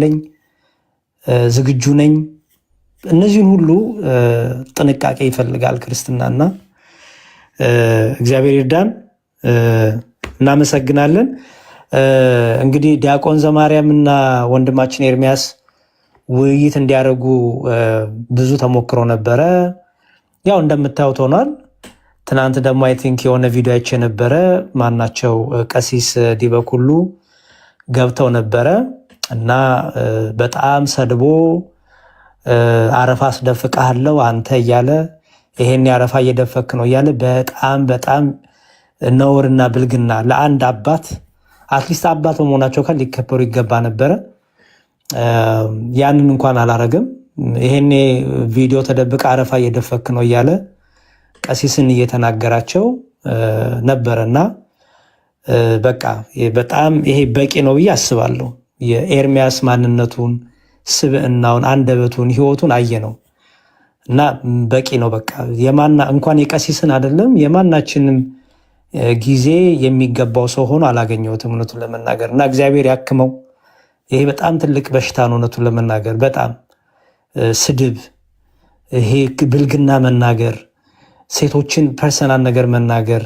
ለኝ ዝግጁ ነኝ። እነዚህን ሁሉ ጥንቃቄ ይፈልጋል ክርስትናና። እግዚአብሔር ይርዳን። እናመሰግናለን። እንግዲህ ዲያቆን ዘማርያም እና ወንድማችን ኤርሚያስ ውይይት እንዲያደርጉ ብዙ ተሞክሮ ነበረ። ያው እንደምታዩት ሆኗል። ትናንት ደግሞ አይ ቲንክ የሆነ ቪዲዮ አይቼ ነበረ። ማናቸው ቀሲስ ዲበኩሉ ገብተው ነበረ። እና በጣም ሰድቦ አረፋ አስደፍቅሃለሁ አንተ እያለ ይሄን ያረፋ እየደፈክ ነው እያለ በጣም በጣም ነውርና ብልግና ለአንድ አባት አትሊስት አባት በመሆናቸው ካል ሊከበሩ ይገባ ነበረ። ያንን እንኳን አላረግም። ይሄኔ ቪዲዮ ተደብቀ አረፋ እየደፈክ ነው እያለ ቀሲስን እየተናገራቸው ነበረና በቃ በጣም ይሄ በቂ ነው ብዬ አስባለሁ። የኤርሚያስ ማንነቱን፣ ስብዕናውን፣ አንደበቱን፣ ህይወቱን አየ ነው እና በቂ ነው በቃ የማና እንኳን የቀሲስን አይደለም የማናችንም ጊዜ የሚገባው ሰው ሆኖ አላገኘሁትም እውነቱን ለመናገር እና እግዚአብሔር ያክመው። ይሄ በጣም ትልቅ በሽታ ነው እውነቱን ለመናገር በጣም ስድብ፣ ይሄ ብልግና መናገር፣ ሴቶችን ፐርሰናል ነገር መናገር፣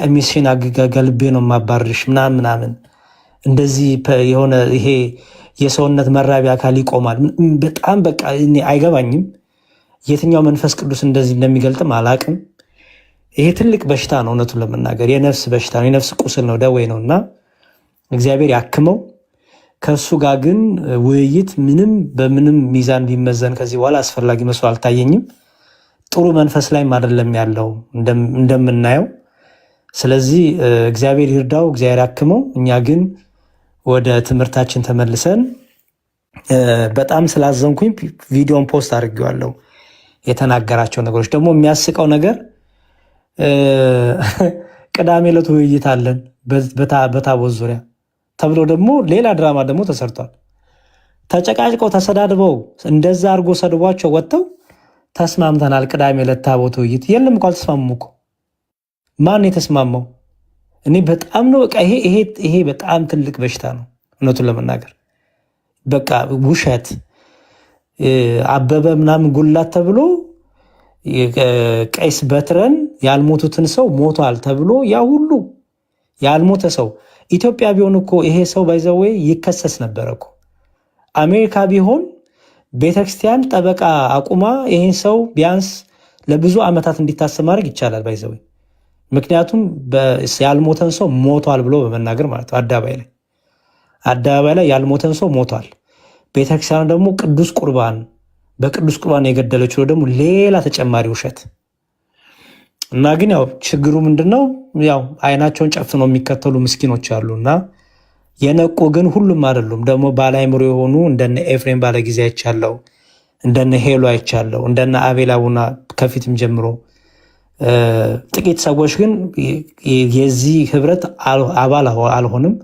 ቀሚሴን አግጋጋ ነው ማባርሽ ምናምን ምናምን እንደዚህ የሆነ ይሄ የሰውነት መራቢያ አካል ይቆማል። በጣም በቃ አይገባኝም። የትኛው መንፈስ ቅዱስ እንደዚህ እንደሚገልጥም አላቅም። ይሄ ትልቅ በሽታ ነው፣ እውነቱን ለመናገር የነፍስ በሽታ ነው፣ የነፍስ ቁስል ነው፣ ደዌ ነው እና እግዚአብሔር ያክመው። ከእሱ ጋር ግን ውይይት ምንም በምንም ሚዛን ቢመዘን ከዚህ በኋላ አስፈላጊ መስሎ አልታየኝም። ጥሩ መንፈስ ላይም አይደለም ያለው እንደምናየው። ስለዚህ እግዚአብሔር ይርዳው፣ እግዚአብሔር ያክመው። እኛ ግን ወደ ትምህርታችን ተመልሰን በጣም ስላዘንኩኝ ቪዲዮን ፖስት አድርጌዋለሁ። የተናገራቸው ነገሮች ደግሞ የሚያስቀው ነገር ቅዳሜ ዕለት ውይይት አለን በታቦት ዙሪያ ተብሎ ደግሞ ሌላ ድራማ ደግሞ ተሰርቷል። ተጨቃጭቀው ተሰዳድበው እንደዛ አድርጎ ሰድቧቸው ወጥተው ተስማምተናል፣ ቅዳሜ ዕለት ታቦት ውይይት የለም እኮ አልተስማሙ እኮ ማን የተስማማው? እኔ በጣም ነው በቃ ይሄ ይሄ ይሄ በጣም ትልቅ በሽታ ነው። እውነቱን ለመናገር በቃ ውሸት አበበ ምናምን ጉላት ተብሎ ቀይስ በትረን ያልሞቱትን ሰው ሞቷል ተብሎ ያ ሁሉ ያልሞተ ሰው ኢትዮጵያ ቢሆን እኮ ይሄ ሰው ባይዘዌ ይከሰስ ነበረ እኮ። አሜሪካ ቢሆን ቤተክርስቲያን ጠበቃ አቁማ ይህን ሰው ቢያንስ ለብዙ ዓመታት እንዲታሰብ ማድረግ ይቻላል ባይዘዌ ምክንያቱም ያልሞተን ሰው ሞቷል ብሎ በመናገር ማለት ነው። አደባባይ ላይ አደባባይ ላይ ያልሞተን ሰው ሞቷል። ቤተክርስቲያን ደግሞ ቅዱስ ቁርባን በቅዱስ ቁርባን የገደለች ደግሞ ሌላ ተጨማሪ ውሸት እና ግን ያው ችግሩ ምንድን ነው? ያው አይናቸውን ጨፍነው የሚከተሉ ምስኪኖች አሉ እና የነቁ ግን ሁሉም አይደሉም። ደግሞ ባለ የሆኑ እንደነ ኤፍሬም ባለጊዜ አይቻለው፣ እንደነ ሄሎ አይቻለው፣ እንደነ አቤላ ቡና ከፊትም ጀምሮ ጥቂት ሰዎች ግን የዚህ ህብረት አባል አልሆንም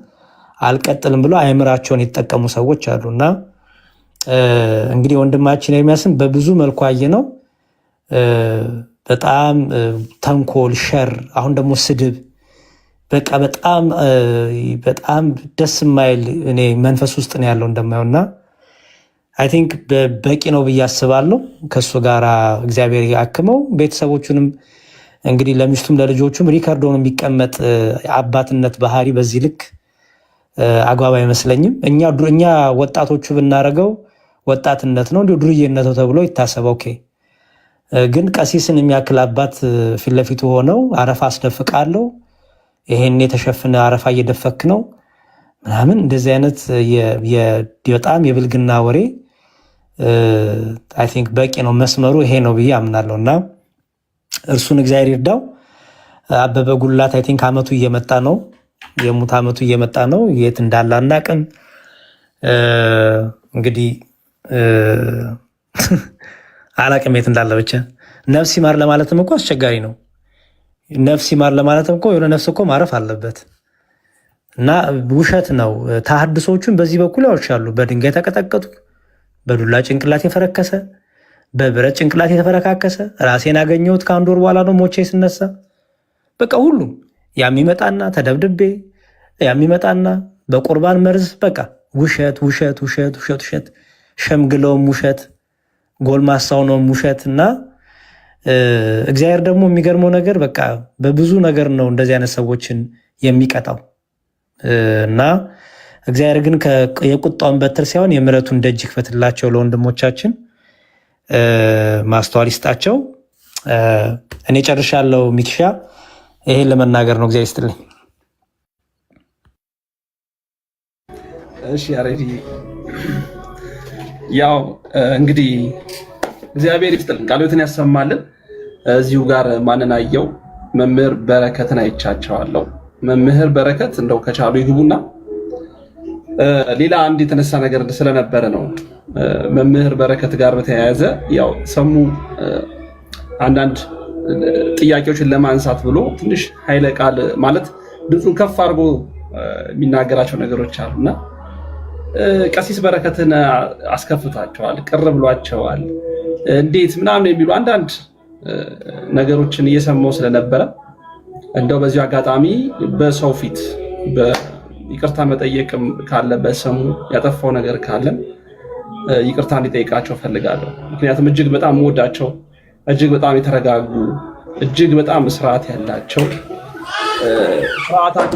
አልቀጥልም ብሎ አይምራቸውን የተጠቀሙ ሰዎች አሉ እና እንግዲህ ወንድማችን የሚያስን በብዙ መልኩ አየ ነው። በጣም ተንኮል፣ ሸር፣ አሁን ደግሞ ስድብ በቃ በጣም በጣም ደስ የማይል እኔ መንፈስ ውስጥ ነው ያለው እንደማየውና አይ ቲንክ በቂ ነው ብዬ አስባለሁ። ከእሱ ጋር እግዚአብሔር ያክመው ቤተሰቦቹንም እንግዲህ ለሚስቱም ለልጆቹም ሪከርዶን የሚቀመጥ አባትነት ባህሪ በዚህ ልክ አግባብ አይመስለኝም። እኛ ወጣቶቹ ብናደርገው ወጣትነት ነው እንዲሁ ዱርዬነት ተብሎ ይታሰበ። ኦኬ። ግን ቀሲስን የሚያክል አባት ፊት ለፊቱ ሆነው አረፋ አስደፍቃለሁ፣ ይሄን የተሸፈነ አረፋ እየደፈክ ነው ምናምን እንደዚህ አይነት በጣም የብልግና ወሬ አይ ቲንክ በቂ ነው። መስመሩ ይሄ ነው ብዬ አምናለሁ እና እርሱን እግዚአብሔር ይርዳው። አበበ ጉላት አይ ቲንክ አመቱ እየመጣ ነው፣ የሙት አመቱ እየመጣ ነው። የት እንዳለ አናቅም። እንግዲህ አላቅም የት እንዳለ ብቻ ነፍስ ይማር ለማለትም እኮ አስቸጋሪ ነው። ነፍስ ይማር ለማለትም እኮ የሆነ ነፍስ እኮ ማረፍ አለበት እና ውሸት ነው። ተሐድሶቹን በዚህ በኩል ያወሻሉ በድንጋይ ተቀጠቀጡ፣ በዱላ ጭንቅላት የፈረከሰ በብረት ጭንቅላት የተፈረካከሰ ራሴን አገኘሁት። ከአንድ ወር በኋላ ነው ሞቼ ስነሳ። በቃ ሁሉም ያሚመጣና ተደብድቤ ያሚመጣና በቁርባን መርዝ በቃ ውሸት ውሸት ውሸት ውሸት ውሸት፣ ሸምግለውም ውሸት፣ ጎልማሳው ነውም ውሸት እና እግዚአብሔር ደግሞ የሚገርመው ነገር በቃ በብዙ ነገር ነው እንደዚህ አይነት ሰዎችን የሚቀጣው እና እግዚአብሔር ግን የቁጣውን በትር ሳይሆን የምረቱን ደጅ ክፈትላቸው ለወንድሞቻችን። ማስተዋል ይስጣቸው። እኔ ጨርሻለሁ። ሚኪሻ ይሄን ለመናገር ነው። እግዚአብሔር ይስጥልኝ። እሺ አሬዲ፣ ያው እንግዲህ እግዚአብሔር ይስጥልን፣ ቃሎትን ያሰማልን። እዚሁ ጋር ማንን አየው? መምህር በረከትን አይቻቸዋለሁ። መምህር በረከት እንደው ከቻሉ ይግቡና ሌላ አንድ የተነሳ ነገር ስለነበረ ነው መምህር በረከት ጋር በተያያዘ ያው ሰሙ አንዳንድ ጥያቄዎችን ለማንሳት ብሎ ትንሽ ኃይለ ቃል ማለት ድምፁን ከፍ አድርጎ የሚናገራቸው ነገሮች አሉና ቀሲስ በረከትን አስከፍታቸዋል፣ ቅር ብሏቸዋል፣ እንዴት ምናምን የሚሉ አንዳንድ ነገሮችን እየሰማው ስለነበረ እንደው በዚሁ አጋጣሚ በሰው ፊት ይቅርታ መጠየቅም ካለ በሰሙ ያጠፋው ነገር ካለም ይቅርታ እንዲጠይቃቸው ፈልጋለሁ። ምክንያቱም እጅግ በጣም ወዳቸው እጅግ በጣም የተረጋጉ እጅግ በጣም ስርዓት ያላቸው ስርዓታቸው